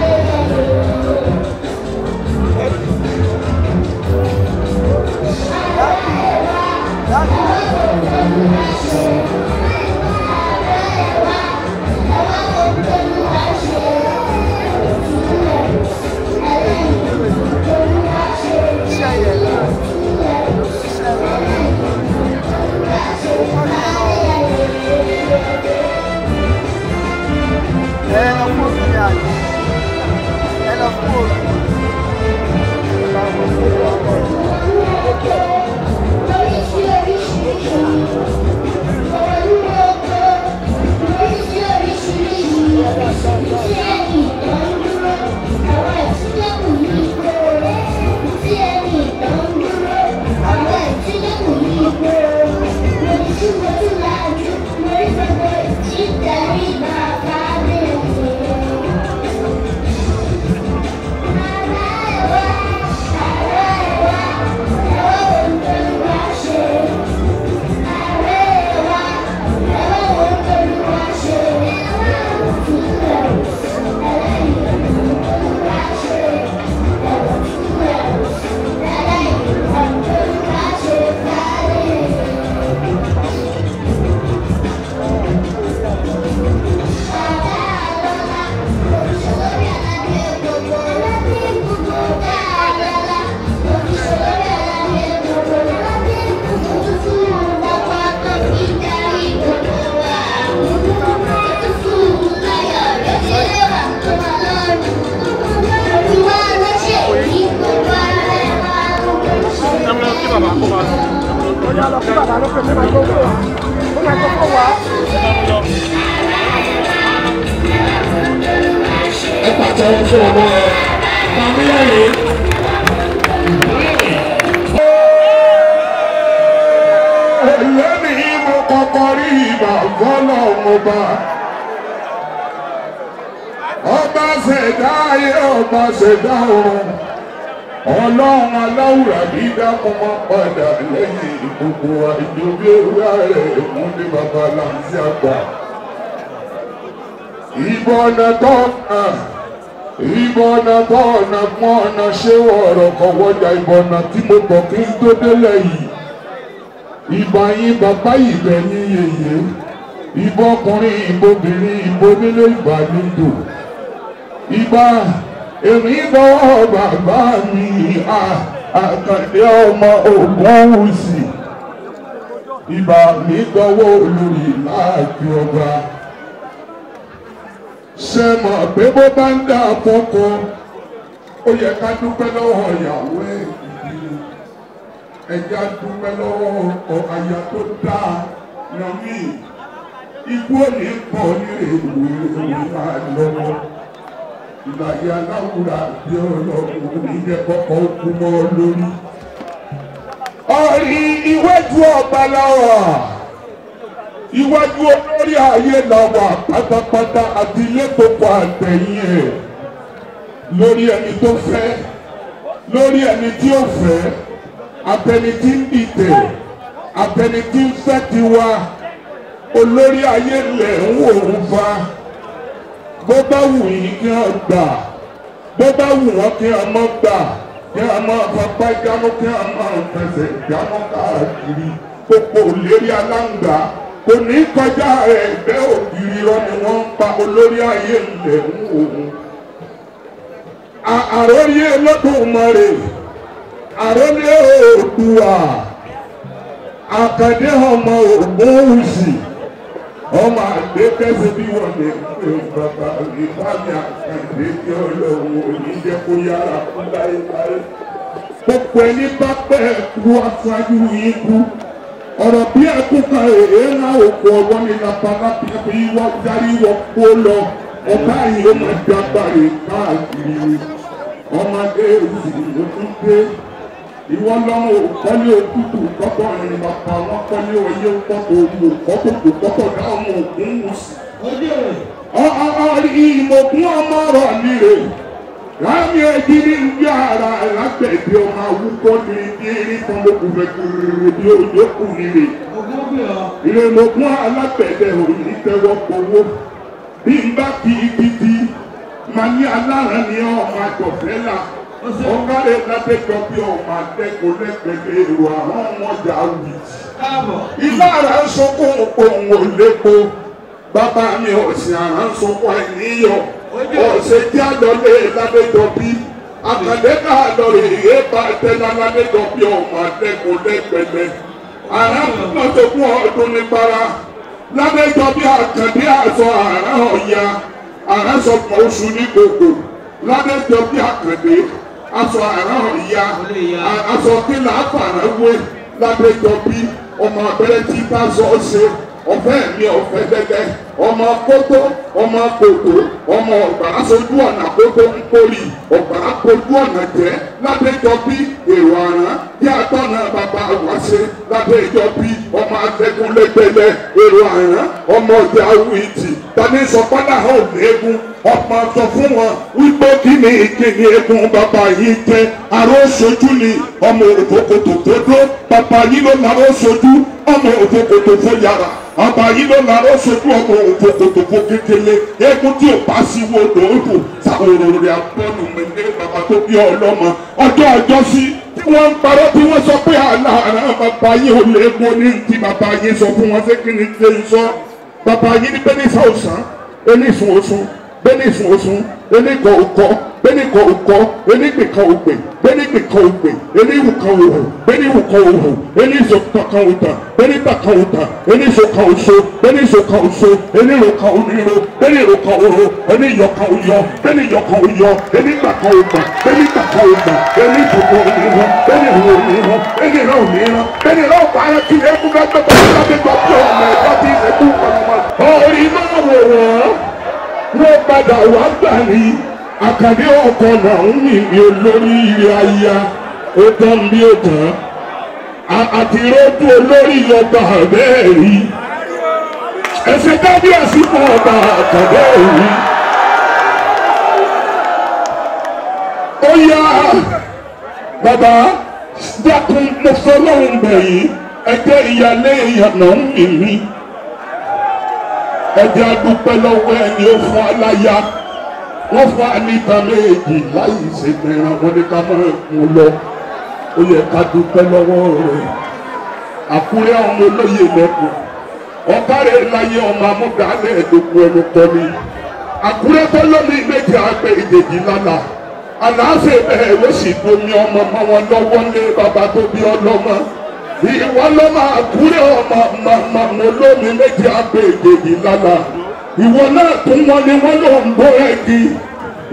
Got it. ń fọwọ́ ẹ̀ pàmílẹ̀lẹ̀. lónìí mo kọ́kọ́ rí ìgbà fọ́lọ́ ọmọba ọba ṣẹ̀dá ayé ọba ṣẹ̀dá ọ̀run ọlọ́run aláwùrà bí dákun máa padà lẹ́yìn gbogbo àjò bí ewúrà rẹ̀ ìmúlé bàbá làǹtí àgbà ìbọn ọ̀nà tó hàn ìbọnà bọ́ọ̀nà mọ́ọ̀nà ṣé ọ̀rọ̀ kan wọ́jà ìbọnà tí mo kọ̀ kí n tó délẹ̀ yìí ìbọn yín bàbá ìbẹ̀yìn yèyé ìbọn ọkùnrin ìbobìnrin ìbonílé ìgbà nídò ìgbà èmi bọ́wọ́ bàbá mi àkàndé ọmọ ògùn òsì ìbà mi gbọ́wọ́ olórí láàjọ ọba ṣe mọ̀ pé bó bá ń dà fọ́kọ ó yẹ ká dúpẹ́ lọ́wọ́ ìyàwó ẹ̀ ẹ̀já dúpẹ́ lọ́wọ́ ọkọ aya tó dáa nàmí ikú òní pọ̀ ní èlò ìwé máa lọ́wọ́ ìgbàgbé aláwùrà bí ọlọ́run nílẹ̀ kọ́kọ́ kú mọ́ lórí. ọ̀rí ìwé ju ọ̀bàlà wà iwájú olórí ayé la wà pátápátá àti ilé tó kọ àtẹ̀yìn ẹ̀ lórí ẹni tó fẹ́ lórí ẹni tí ó fẹ́ abẹni tí ń dìtẹ̀ abẹni tí ń fẹ́ tiwa olórí ayé lẹ̀ ń wò ń fa bó bá wù yín kí wọ́n gbà bó bá wù wọ́n kí wọ́n mọ́ gbà kí wọ́n máa fapá jámọ́ kí wọ́n máa fẹsẹ̀ jámọ́ káàkiri gbogbo òlérí aláǹgbá kò ní kọjá ẹgbẹ́ ògiri irọ́ ni wọ́n ń pa olórí ayé ilẹ̀ ń òun àròyé lọ́dúnmọ́rè àròyé òdùwà àkàndé ọmọ ògbóhùsì ọmọ àgbékẹ́sẹ̀ bí wọ́n lè pè bàbá ìfàmì àkàndé tí ọlọ́run oníjẹ́ kó yára kú láéláé gbogbo ẹni bá pẹ́ kú aṣáájú yìí kú ọ̀rọ̀ akụkọ ena okwu ọgbọ ni na panapapụ iwe ọjara iwe ọkpụkpụ ụlọ ọba anyị ụmụaka agbara káàkiri ọmọdé òsì òtúndé ìwọ lọ́wọ́ òkọ́lé òtútù kọ́kọ́ ìrìn bàbá wọn kọ́lé oyé kọ́kọ́ òmù kọ́kọ́ kọ́kọ́ dáhùn òkun wùsì. ìmọ̀kún ọmọ rọ̀ mi rè láàmì ẹ̀dínní ń gbé ara lágbẹ̀dẹ̀ ọmọ awúkọ́ ní ìdí ìrìn kan kúrò bí òjòkùnrin rè ìrẹ̀lógún alágbẹ̀dẹ òní tẹ́wọ́ gbowó bí n bá kí ibi máa ní alára ni ọ máa jọ̀fẹ́ la ọ̀gáre ládẹ́jọ́ bí ọmọ adẹ́kọ̀ọ́ lẹ́gbẹ̀ẹ́ èrò àwọn ọmọdé awì. ilé ara ń sọkún òun ò bàbá mi ọ̀sìn ara ń sọkún àìníyàn ọ̀sẹ̀ tí a lọ lé ládẹ́jọ́ bí àtàlẹ́ká lọ rèé bá tẹ́lá ládẹ́jọ́ bí ọmọ adẹ́kọ̀ọ́ lẹ́gbẹ̀ẹ́ àràrùn náà tó kún ọdún nípara ládẹjọ bí àkàndé àzọ àrà ọ̀ya àrà sọpọ̀ oṣù ní gbogbo ládẹjọ bí àkàndé àzọ àrà ọ̀ya àzọ kílà àfàràwé ládẹjọ bí ọmọ abẹ́rẹ́ tí bá zọ́ ṣe ọ̀fẹ́ mi ọ̀fẹ́ gẹ́gẹ́ ọmọ kótó ọmọ kòtó ọmọ ọ̀gbà aṣojú ọ̀nà kótó ń kórì ọ̀gbà aṣojú ọ̀nà jẹ́ ládẹjọ bí èrò àrán bí àtọ̀nà b ṣe lábẹ́ ìjọbí ọmọ atẹ́gùn lẹ́gbẹ̀lẹ́ èrò àrán ọmọ ọjà wìtì tani sọpọ́nà hàn léegun ọ̀pọ̀ sọ fún wọn wípé kí ni ìkíni egun bàbá yìí jẹ́ arósojú ni ọmọ òkòkòtò tó dó bàbá yìí ló láró sojú ọmọ òfokòtòfo yàrá ọba yìí ló larọ́ sojú ọmọ òfokòtòfo kékeré eégún tí ò bá sí wo lòókù sàwòrò rẹ̀ abọ́nù mẹ́lẹ́ bàbá tó bí ọlọ́mọ ọjọ́ ọjọ́ sí tí wọ́n ń parọ́ tí wọ́n sọ pé àlà àrà bàbá yìí ò lè mọ ní ti bàbá yìí sọ fún wọn sékì ní ṣe ń sọ bàbá yìí ní bẹ́ẹ̀ ní sọ̀sán eléṣùn oṣù bẹ́ẹ̀ ní sùn oṣù eléṣùn oṣù bẹ́nìkan òkọ́ enígbìkan ògbè bẹ́nìgbìkan ògbè eníwùkan òhù bẹ́nìwùkan òhù eníṣòkan òtàn bẹ́nìbàkan òtàn eníṣòkan òṣo bẹ́nìṣòkan òṣo enírokan oníro bẹ́nìrokan òro eníyọkan òyọ bẹ́nìyọkan òyọ enígbàkan ògbà bẹ́nìgbàkan ògbà eníṣòkan òníro bẹ́nìrò òníro bẹ́nìrò òníro bẹ́nìrò ògbà ara kí ẹkún bá gbọ́dọ̀ gbọ́dọ̀ gbọ́dọ̀ ọmọ ẹ̀dá àkàbí ọkọ Naomi mi olórí ilé aya ó tán bí ó tán àti rọ́dù olórí ọba bẹ́ẹ̀ rí ẹsẹ̀ kábíyèsí fún ọba àtàbẹ́ rí. ó yá bàbá dákun mo fọlọ́run bẹ̀yìn ẹgbẹ́ ìyálé ìyànà ń mì mí ẹ̀jẹ̀ adúpẹ́ lọ́wọ́ ẹni ó fún aláya. wọ́n fún wa níta méjì láì ṣe mìíràn wọ́n ní ká máa lọ ó yẹ ká dúpẹ́ lọ́wọ́ rẹ̀ àkúrẹ́ ọmọ olóyè lẹ́kọ̀ọ́ ọ̀kárẹ̀ láyé ọmọ amúgbálẹ̀ ẹ̀dógún ẹnu ni àkúrẹ́ tó lómi méjì àgbẹ̀ ìdèjì bẹ́ẹ̀ ló sì gbomi ọmọ wọn lọ́wọ́ lé bàbá tó bí ọlọ́mọ àkúrẹ́ ọmọ ìwọ náà tó wọn ni wọn lò ń bó ẹbí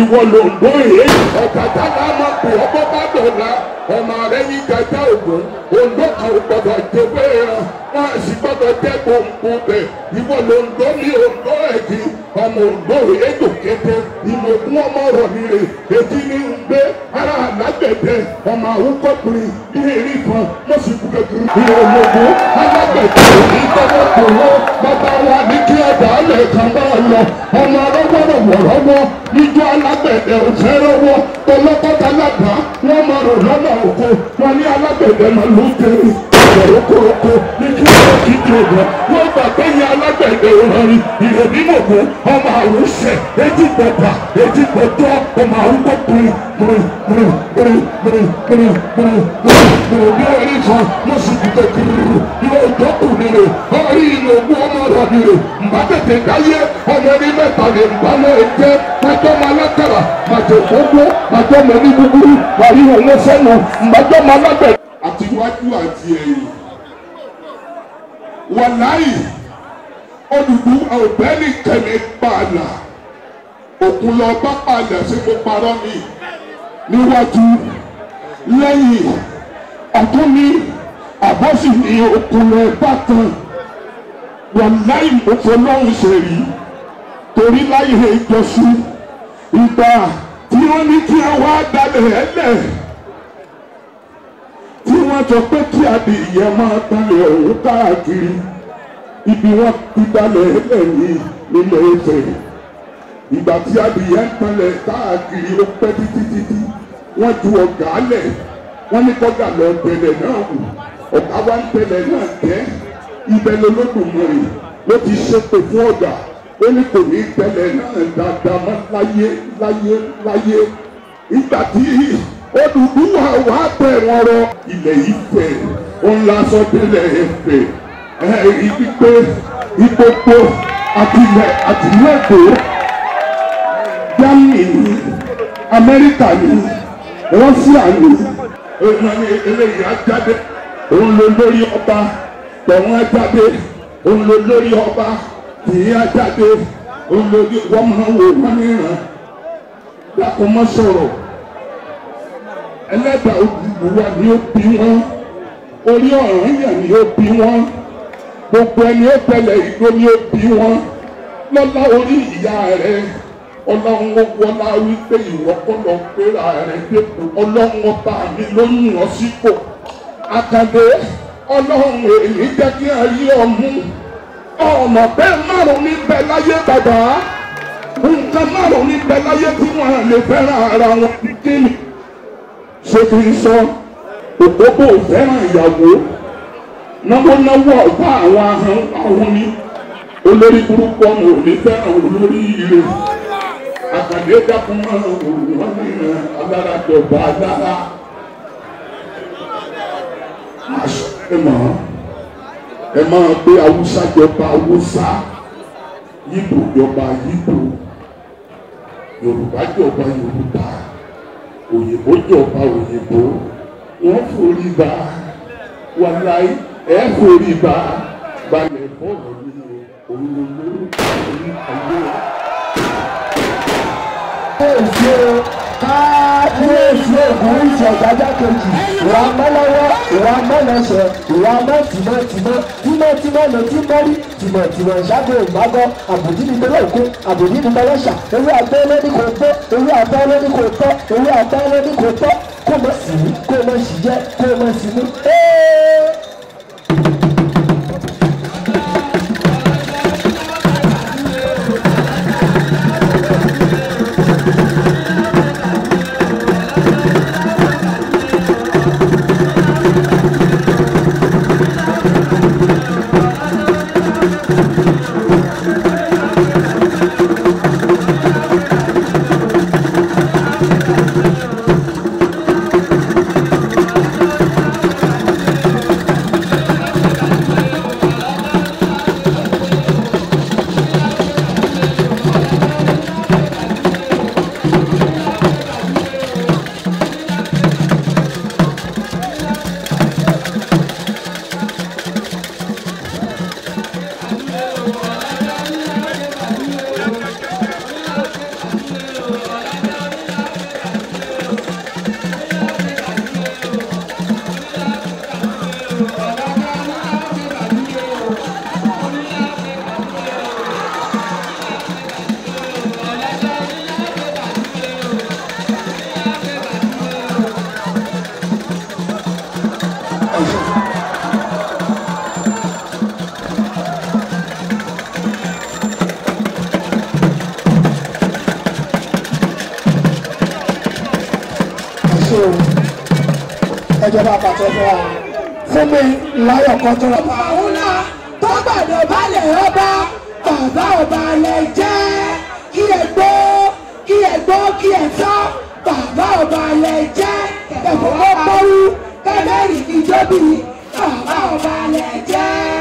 ìwọ lò ń bó èyí ọ̀kadà náà máa pè ọgbọ́n bá dọ̀la ọmọ rẹ yí gàdá ògùn òǹdó kan ò gbọdọ̀ jẹwé ẹran wọn sì gbọdọ̀ jẹ gbòǹgbò bẹ ìwọ lòǹdó ní òǹdó ẹbí ọmọ òǹdó èyí dòkété ìmọ̀gún ọmọ rọ̀ nílé èdè ní ń alágbẹ̀dẹ ọmọ àwọn kọkùnrin ní èrè kan mo sì kú kékeré. ìròyìnbó alágbẹ̀dẹ ìtọ́wọ́ kòró bàbá wa ní kí ọ̀dà alẹ̀ kan bá lọ ọmọ ọlọ́wọ́rọ̀ wọ̀rọ́wọ́ ijó alágbẹ̀dẹ òṣèrèwọ́ tọlọ́kọ́tà ládàá wọ́n máa rò lọ́nà òkú wọn ní alágbẹ̀dẹ máa ló kéré ìbẹ̀rẹ̀ rókòrókò ní kí wọ́n ti di ògùn wọ́n gbà pé ní alágbẹ̀dẹ òhànrin ìròbí mògbó ọmọ àrùsẹ̀ etí gbọ̀gbà etí gbọ̀tọ́ ọmọ àrùkọ pin pin pin pin pin pin pin pin pin ní orí kan wọ́n sì kú tẹ̀kiri ní ọjọ́ kù nílé orí ìlú ogún ọmọ rà nílé mbà tètè dáyé ọmọ ní mẹ́ta lè mbà náà jẹ́ pátọ́ máa látara màjẹ̀ gbogbo màjọ́ mọ̀ ní gbogbo wàrí òun fẹ́ mu mbàjọ́ máa lábẹ̀ iwájú àti ẹ̀yìn wàláì olùdú ọ̀bẹ́ni kẹ̀mí pààlà òkun lọ bá pààlà sí mo parọ́ mi níwájú lẹ́yìn ọ̀tún ní àbọ̀sì ní òkun lọ bá tán wàláì òfòlóhùn ṣèrí torí láyé ìjọsìn ìgbà tí wọ́n ní kí wọ́n wá dalẹ̀ ẹ̀lẹ́ wọ́n sọ pé kí adìyẹ máa gbalẹ̀ òun káàkiri ibi wọ́n ti gbalẹ̀ ẹ̀yìn nílẹ̀ Ifẹ̀ ìgbà tí adìyẹ ń gbalẹ̀ káàkiri ó pẹ́ títí títí wọ́n ju ọ̀gá lẹ̀ wọ́n ní kọ́gà lọ tẹ̀lẹ̀ náà wù ọ̀gá wa ń tẹ̀lẹ̀ náà jẹ́ ibẹ̀ lolódùmarè ló ti ṣépè fún ọ̀gá ó ní kò ní tẹ̀lẹ̀ náà dáadáa láyé láyé láyé ìgbà tí yìí. Odùduwà wá tẹ̀ wọ́n rọ ilẹ̀ Ifẹ̀ òun la sọ délẹ̀ Ifẹ̀ ìgbẹ́ àtìlẹ̀ àtìlẹ́kọ̀ọ́ Germany ni Amẹ́ríkà ni Russia eléyìí ajáde òun ló lórí ọba tọ̀hún ajáde òun ló lórí ọba tìyí ajáde òun ló lórí wọ́n mọ̀ wò wọ́n ẹlẹ́dà olùwà ni ó bí wọ́n orí ọ̀ràn yàn ni ó bí wọ́n gbogbo ẹni ó tẹ̀lé igbó ni ó bí wọ́n lọ́lá orí ìyá rẹ ọlọ́run wọlá wípé ìwọ kọ́ lọ péra rẹ dépò ọlọ́run ọba mi ló yàn ọ́ sípò àkàndé ọlọ́run èyí jẹ́ kí a yí ọmú ọ̀nà bẹ́ẹ̀ márùn-ún níbẹ̀ láyé bàbá nǹkan márùn-ún níbẹ̀ láyé tí wọ́n lè fẹ́ràn ara wọn ní ṣé kí n sọ òpópó fẹ́ràn ìyàwó náwónáwó ọ̀pá àwọn ahọ́n ahọ́n ni olórí burúkú ọmọ òní fẹ́ràn olórí ire àkàdé dákun máa ń wò wọ́n ní agbára dọ̀bà agbára ẹ mọ̀ ẹ máa gbé haúsá jọba haúsá yíbo jọba yíbo yorùbá jọba yorùbá òyìnbó jọba òyìnbó wọ́n forí ba wàláì ẹ̀ forí ba balẹ̀ bọ́ọ̀lù nínú olùlọ́lọ́ orí ayé káàkiri èkó ìṣẹ̀ ìdájá kejì ìwà mọ́lọ́wọ́ ìwà mọ́lọ́sẹ̀ ìwà mọ́ tìmọ̀tìmọ̀ tìmọ̀tìmọ̀ lọ tí mọ́rí tìmọ̀tìmọ̀ ìṣàgbé ìgbàgbọ́ àbòdì ní bẹ́lẹ̀ òkú àbòdì ní bẹ́lẹ̀ ṣà ewé àgbẹ̀ lẹ́ni kò tọ́ ewé àgbẹ̀ lẹ́ni kò tọ́ ewé àgbẹ̀ lẹ́ni kò tọ́ kó mọ̀ sí kó mọ̀ sí jẹ́ kó mọ̀ sí mú. àtọ̀dọ̀ àwọn fún mi láyọ̀ kan tó rọ̀. àwọn náà tó gbàdọ̀ balẹ̀ ọba bàbá ọba lẹ jẹ́ kí ẹ gbó kí ẹ gbó kí ẹ sọ bàbá ọba lẹ jẹ́ kẹfọ́ ọpọ́rú kẹfẹ́rì ìjọ́bì bàbá ọba lẹ jẹ́.